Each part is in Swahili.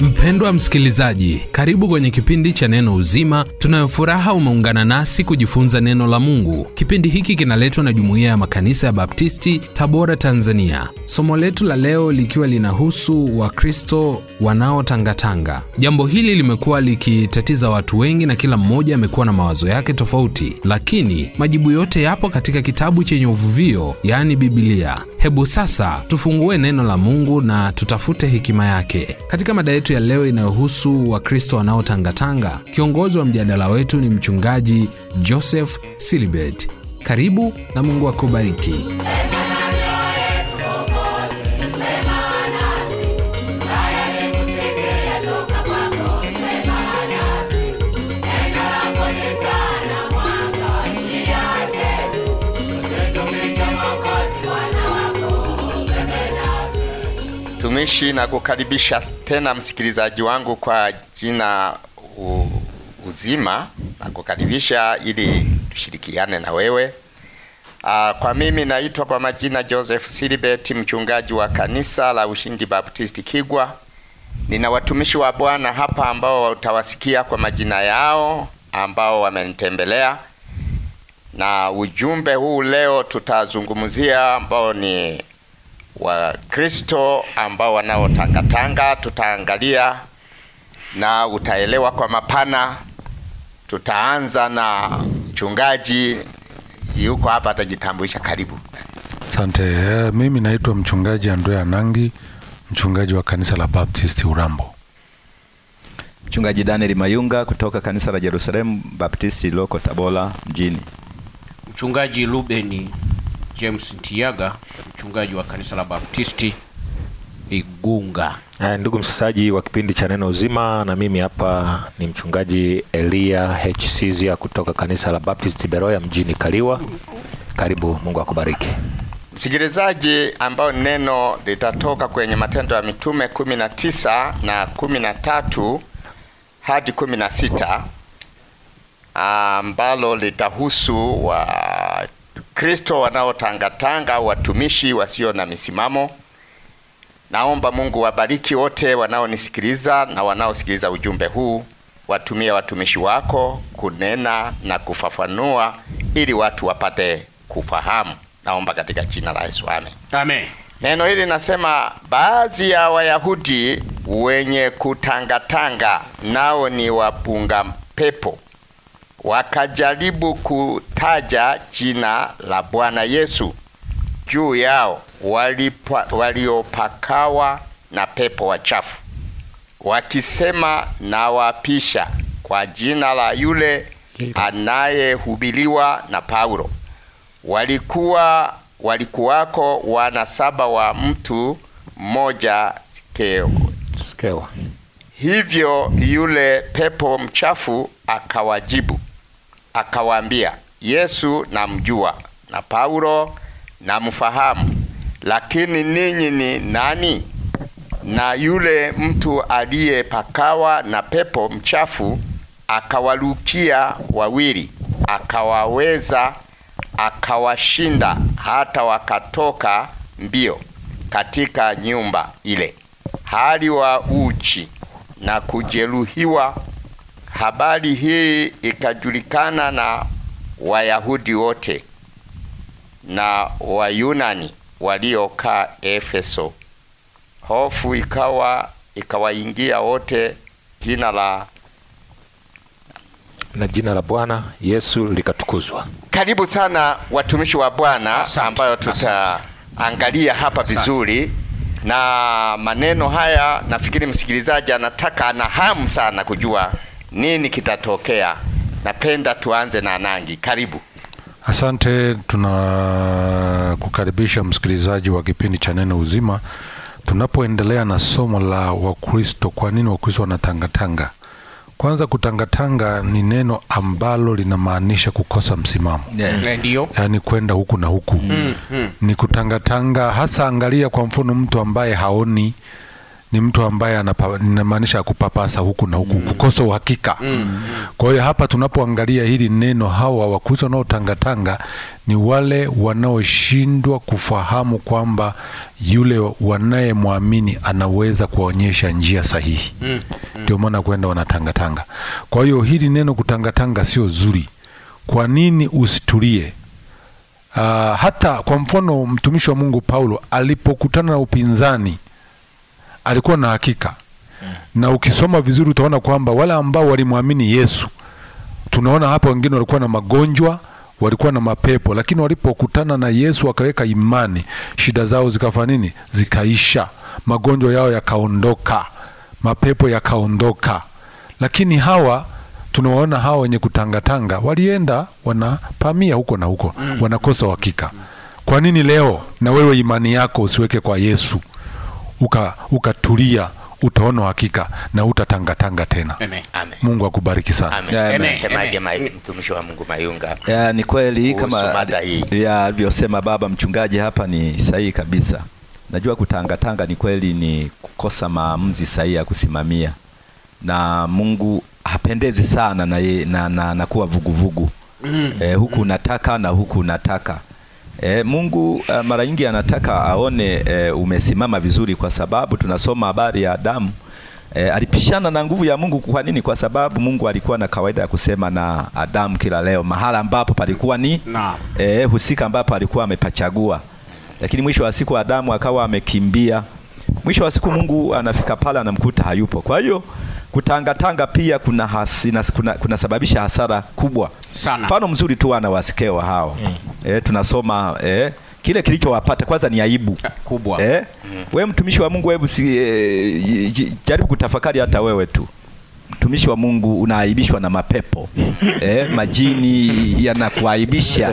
Mpendwa msikilizaji, karibu kwenye kipindi cha Neno Uzima. Tunayofuraha umeungana nasi kujifunza neno la Mungu. Kipindi hiki kinaletwa na Jumuiya ya Makanisa ya Baptisti, Tabora, Tanzania. Somo letu la leo likiwa linahusu Wakristo wanaotangatanga. Jambo hili limekuwa likitatiza watu wengi na kila mmoja amekuwa na mawazo yake tofauti, lakini majibu yote yapo katika kitabu chenye uvuvio, yani bibilia Hebu sasa tufungue neno la Mungu na tutafute hekima yake katika mada yetu ya leo inayohusu Wakristo wanaotangatanga. Kiongozi wa mjadala wetu ni mchungaji Joseph Silibet. Karibu na Mungu akubariki. mtumishi na kukaribisha tena msikilizaji wangu kwa jina u, uzima na kukaribisha ili tushirikiane na wewe. Aa, ah, kwa mimi naitwa kwa majina Joseph Silibeti, mchungaji wa kanisa la Ushindi Baptisti Kigwa. Nina watumishi wa Bwana hapa ambao utawasikia kwa majina yao ambao wamenitembelea na ujumbe huu leo tutazungumzia ambao ni Wakristo ambao wanaotangatanga, tutaangalia na utaelewa kwa mapana. Tutaanza na mchungaji yuko hapa, atajitambulisha. Karibu. Asante. Uh, mimi naitwa mchungaji Andrea Nangi, mchungaji wa kanisa la Baptist Urambo. Mchungaji Daniel Mayunga kutoka kanisa la Jerusalemu Baptisti liloko Tabora mjini. Mchungaji Ruben James Ntiaga, mchungaji wa kanisa la Baptisti Igunga. Ay, eh, ndugu msikilizaji wa kipindi cha Neno Uzima, na mimi hapa ni mchungaji Elia HCZ kutoka kanisa la Baptisti Beroya mjini Kaliwa. Karibu, Mungu akubariki. Msikilizaji, ambao neno litatoka kwenye Matendo ya Mitume 19 na 13 na hadi 16 ambalo litahusu wa Kristo wanaotangatanga au watumishi wasio na misimamo. Naomba Mungu wabariki wote wanaonisikiliza na wanaosikiliza ujumbe huu. Watumie watumishi wako kunena na kufafanua ili watu wapate kufahamu. Naomba katika jina la Yesu, amen. Amen. Neno hili nasema baadhi ya Wayahudi wenye kutangatanga nao ni wapunga pepo wakajaribu kutaja jina la Bwana Yesu juu yao walipa, waliopakawa na pepo wachafu wakisema, nawapisha kwa jina la yule anayehubiliwa na Paulo. Walikuwa walikuwako wana saba wa mtu mmoja skeo, skewa. Hivyo yule pepo mchafu akawajibu akawaambia, Yesu namjua na Paulo namfahamu, lakini ninyi ni nani? Na yule mtu aliyepakawa na pepo mchafu akawalukia wawili, akawaweza, akawashinda hata wakatoka mbio katika nyumba ile hali wa uchi na kujeruhiwa Habari hii ikajulikana na Wayahudi wote na Wayunani waliokaa Efeso. Hofu ikawa ikawaingia wote, jina la na jina la Bwana Yesu likatukuzwa. Karibu sana watumishi wa Bwana, ambayo tutaangalia hapa vizuri na maneno haya. Nafikiri msikilizaji anataka ana hamu sana kujua nini kitatokea? Napenda tuanze na Nangi, karibu. Asante, tunakukaribisha msikilizaji wa kipindi cha Neno Uzima. Tunapoendelea na somo la Wakristo, kwa nini Wakristo wanatangatanga? Kwanza, kutangatanga ni neno ambalo linamaanisha kukosa msimamo, yeah. Yaani kwenda huku na huku, mm, mm. Ni kutangatanga hasa. Angalia kwa mfano mtu ambaye haoni ni mtu ambaye anamaanisha kupapasa huku na huku mm. kukosa uhakika mm. mm. Kwa hiyo hapa tunapoangalia hili neno, hawa wakuzi wanaotangatanga ni wale wanaoshindwa kufahamu kwamba yule wanayemwamini anaweza kuonyesha njia sahihi, ndio mm. mm. maana kwenda wanatangatanga. Kwa hiyo hili neno kutangatanga sio zuri. Kwa nini usitulie? Uh, hata kwa mfano mtumishi wa Mungu Paulo alipokutana na upinzani alikuwa na hakika na ukisoma vizuri utaona kwamba wale ambao walimwamini Yesu, tunaona hapa wengine walikuwa na magonjwa, walikuwa na mapepo, lakini walipokutana na Yesu wakaweka imani, shida zao zikafanya nini? Zikaisha, magonjwa yao yakaondoka, mapepo yakaondoka. Lakini hawa tunawaona hawa wenye kutangatanga, walienda wanapamia huko na huko, mm. wanakosa uhakika. Kwa nini leo na wewe imani yako usiweke kwa Yesu? ukatulia uka utaona hakika na utatangatanga tena. Amen. Mungu akubariki sana. Mtumishi wa Mungu Mayunga, ya, ni kweli kama alivyosema baba mchungaji hapa, ni sahihi kabisa. Najua kutangatanga ni kweli, ni kukosa maamuzi sahihi ya kusimamia, na Mungu hapendezi sana na, na, na, na kuwa vuguvugu vugu. Mm. Eh, huku unataka na huku unataka E, Mungu eh, mara nyingi anataka aone e, umesimama vizuri, kwa sababu tunasoma habari ya Adamu e, alipishana na nguvu ya Mungu. Kwa nini? Kwa sababu Mungu alikuwa na kawaida ya kusema na Adamu kila leo, mahala ambapo palikuwa ni na. E, husika ambapo alikuwa amepachagua, lakini mwisho wa siku Adamu akawa amekimbia. Mwisho wa siku Mungu anafika pale anamkuta hayupo, kwa hiyo kutangatanga pia kuna, hasina, kuna, kuna sababisha hasara kubwa sana. Mfano mzuri tu wana wasikewa hao mm. E, tunasoma e, kile kilichowapata kwanza ni aibu eh, kubwa eh? mm. Wewe mtumishi wa Mungu, hebu si, e, jaribu kutafakari hata wewe tu mtumishi wa Mungu unaaibishwa na mapepo eh, majini yanakuaibisha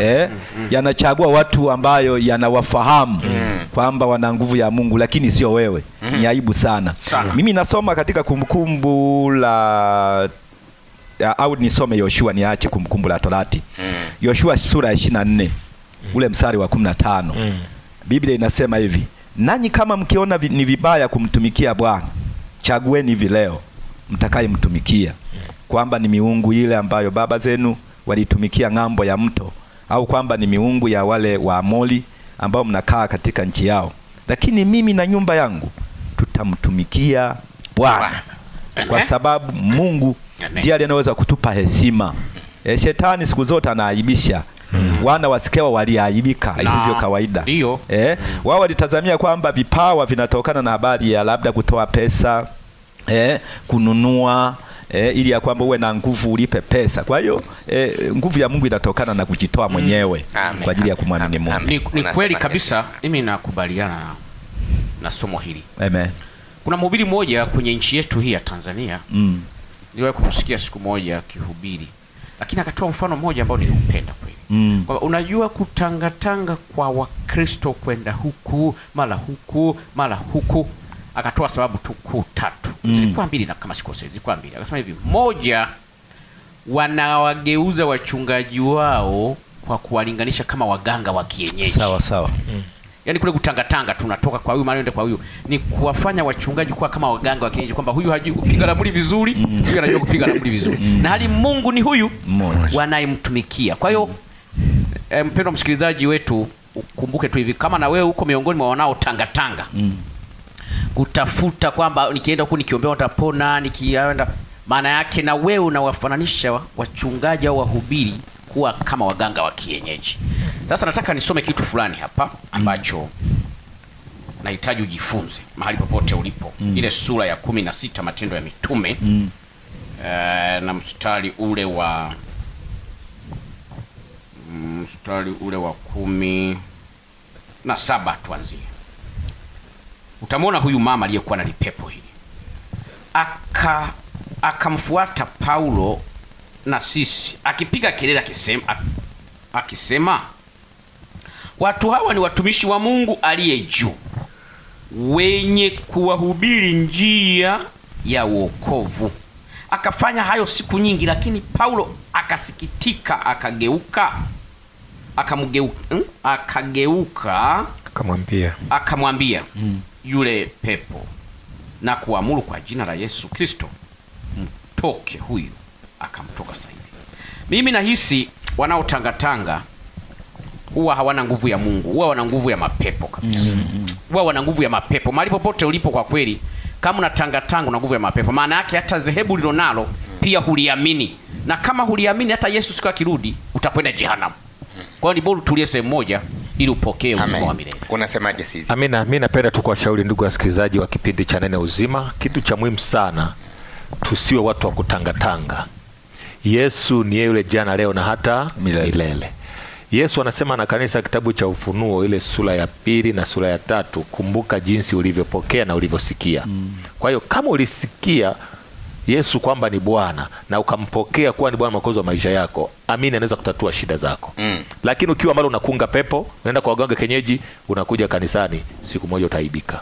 eh, yanachagua watu ambayo yanawafahamu mm. kwamba wana nguvu ya Mungu, lakini sio wewe ni aibu sana. sana. Mimi nasoma katika kumbukumbu la au nisome Yoshua niache kumbukumbu la Torati. Mm. Yoshua sura ya 24 mm. ule msari wa 15. Mm. Biblia inasema hivi, nanyi kama mkiona vi, ni vibaya kumtumikia Bwana, chagueni hivi leo mtakayemtumikia, mm. kwamba ni miungu ile ambayo baba zenu walitumikia ng'ambo ya mto, au kwamba ni miungu ya wale wa Amoli ambao mnakaa katika nchi yao, lakini mimi na nyumba yangu tutamtumikia Bwana kwa eh? sababu Mungu ndiye anaweza kutupa heshima. E, shetani siku zote anaaibisha Hmm. Wana wasikewa waliaibika isivyo kawaida ndio. Eh, Wao walitazamia kwamba vipawa vinatokana na habari ya labda kutoa pesa eh, kununua e, ili ya kwamba uwe na nguvu ulipe pesa. Kwa hiyo e, nguvu ya Mungu inatokana na kujitoa hmm. mwenyewe hmm. kwa ajili ya kumwamini Mungu. Ni, ni kweli kabisa, mimi nakubaliana na somo hili. Amen. Kuna mhubiri mmoja kwenye nchi yetu hii ya Tanzania mm. niliwahi kumsikia siku moja akihubiri, lakini akatoa mfano mmoja ambao niliupenda kweli mm. kwamba unajua kutangatanga kwa Wakristo kwenda huku mara huku mara huku, akatoa sababu tukuu tatu mm. zilikuwa mbili na kama sikose, zilikuwa mbili. Akasema hivi, moja, wanawageuza wachungaji wao kwa kuwalinganisha kama waganga wa kienyeji. Sawa sawa mm. Yaani kule kutangatanga tunatoka kwa huyu manende kwa huyu ni kuwafanya wachungaji kuwa kama waganga wa kienyeji kwamba huyu hajui kupiga ramli vizuri, mm. huyu anajua kupiga ramli vizuri. Mm. Na hali Mungu ni huyu wanayemtumikia. Kwa hiyo mm. eh, mpendwa msikilizaji wetu ukumbuke tu hivi kama na wewe uko miongoni mwa wanao tangatanga. Mm. Kutafuta kwamba nikienda huku nikiombea watapona, nikienda maana yake na wewe unawafananisha wachungaji au wahubiri kuwa kama waganga wa kienyeji. Sasa nataka nisome kitu fulani hapa ambacho mm. nahitaji ujifunze mahali popote ulipo mm. ile sura ya kumi na sita Matendo ya Mitume mm. e, na mstari ule wa mstari ule wa kumi na saba tuanzie. Utamwona huyu mama aliyekuwa na lipepo hili aka akamfuata Paulo na sisi akipiga kelele akisema, akisema Watu hawa ni watumishi wa Mungu aliye juu wenye kuwahubiri njia ya wokovu. Akafanya hayo siku nyingi, lakini Paulo akasikitika, akageuka, akamgeuka, hmm? akageuka, akamwambia akamwambia hmm. yule pepo na kuamuru kwa jina la Yesu Kristo, mtoke huyu. Akamtoka. Saidi mimi nahisi wanaotangatanga huwa hawana nguvu ya Mungu, huwa wana nguvu ya mapepo kabisa, mm, mm, mm. huwa wana nguvu ya mapepo. Mahali popote ulipo, kwa kweli, kama tangu na nguvu ya mapepo, maana yake hata dhehebu lilonalo pia huliamini, na kama huliamini, hata Yesu siku akirudi utakwenda jehanamu. Kwa hiyo ni bora tulie sehemu moja ili upokee uzima wa milele. Unasemaje sisi? Amina. Mimi napenda tu kuwashauri ndugu wasikilizaji wa kipindi cha Neno Uzima, kitu cha muhimu sana, tusiwe watu wa kutangatanga. Yesu ni yeye yule jana, leo na hata milele, milele. Yesu anasema na kanisa kitabu cha Ufunuo ile sura ya pili na sura ya tatu, kumbuka jinsi ulivyopokea na ulivyosikia. Mm. Kwa hiyo kama ulisikia Yesu kwamba ni Bwana na ukampokea kuwa ni Bwana mwokozi wa maisha yako, amini, anaweza kutatua shida zako. Mm. Lakini ukiwa ambalo unakunga pepo, unaenda kwa waganga kienyeji, unakuja kanisani, siku moja utaibika.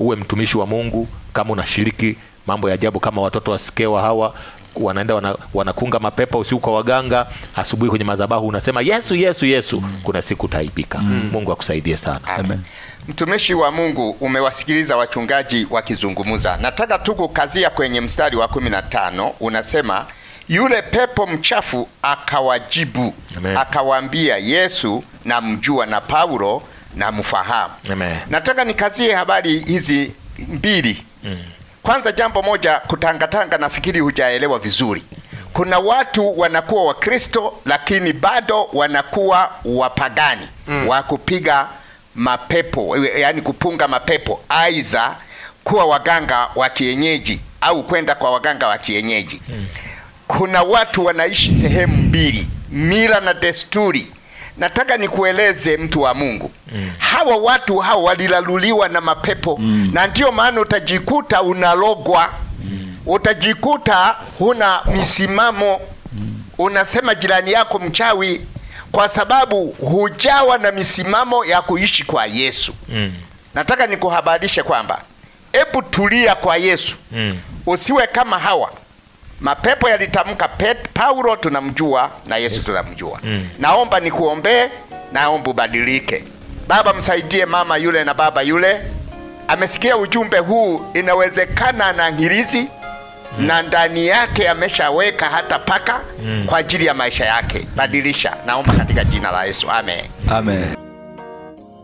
Uwe mtumishi wa Mungu kama unashiriki mambo ya ajabu kama watoto wasikewa hawa, wanaenda wana, wanakunga mapepo usiku kwa waganga, asubuhi kwenye madhabahu unasema Yesu Yesu Yesu mm. kuna siku utaibika mm. Mungu akusaidie sana Amen. Amen. Mtumishi wa Mungu, umewasikiliza wachungaji wakizungumza. Nataka tu kukazia kwenye mstari wa kumi na tano unasema yule pepo mchafu akawajibu akawaambia, Yesu namjua na Paulo namfahamu. Nataka nikazie habari hizi mbili mm. Kwanza jambo moja, kutangatanga, nafikiri hujaelewa vizuri. Kuna watu wanakuwa Wakristo lakini bado wanakuwa wapagani mm. wa kupiga mapepo, yani kupunga mapepo, aidha kuwa waganga wa kienyeji au kwenda kwa waganga wa kienyeji mm. Kuna watu wanaishi sehemu mbili, mila na desturi nataka nikueleze mtu wa Mungu mm. hawa watu hawa walilaluliwa na mapepo mm. na ndiyo maana utajikuta unalogwa mm. utajikuta huna misimamo mm. unasema jirani yako mchawi kwa sababu hujawa na misimamo ya kuishi kwa Yesu mm. nataka nikuhabarishe kwamba ebu tulia kwa Yesu mm. usiwe kama hawa mapepo yalitamka Paulo tunamjua na Yesu tunamjua. Mm. Naomba nikuombee, naomba ubadilike. Baba, msaidie mama yule na baba yule, amesikia ujumbe huu, inawezekana na ngirizi Mm. na ndani yake ameshaweka hata paka mm. kwa ajili ya maisha yake. Badilisha, naomba katika jina la Yesu, amen, amen.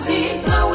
quase igual.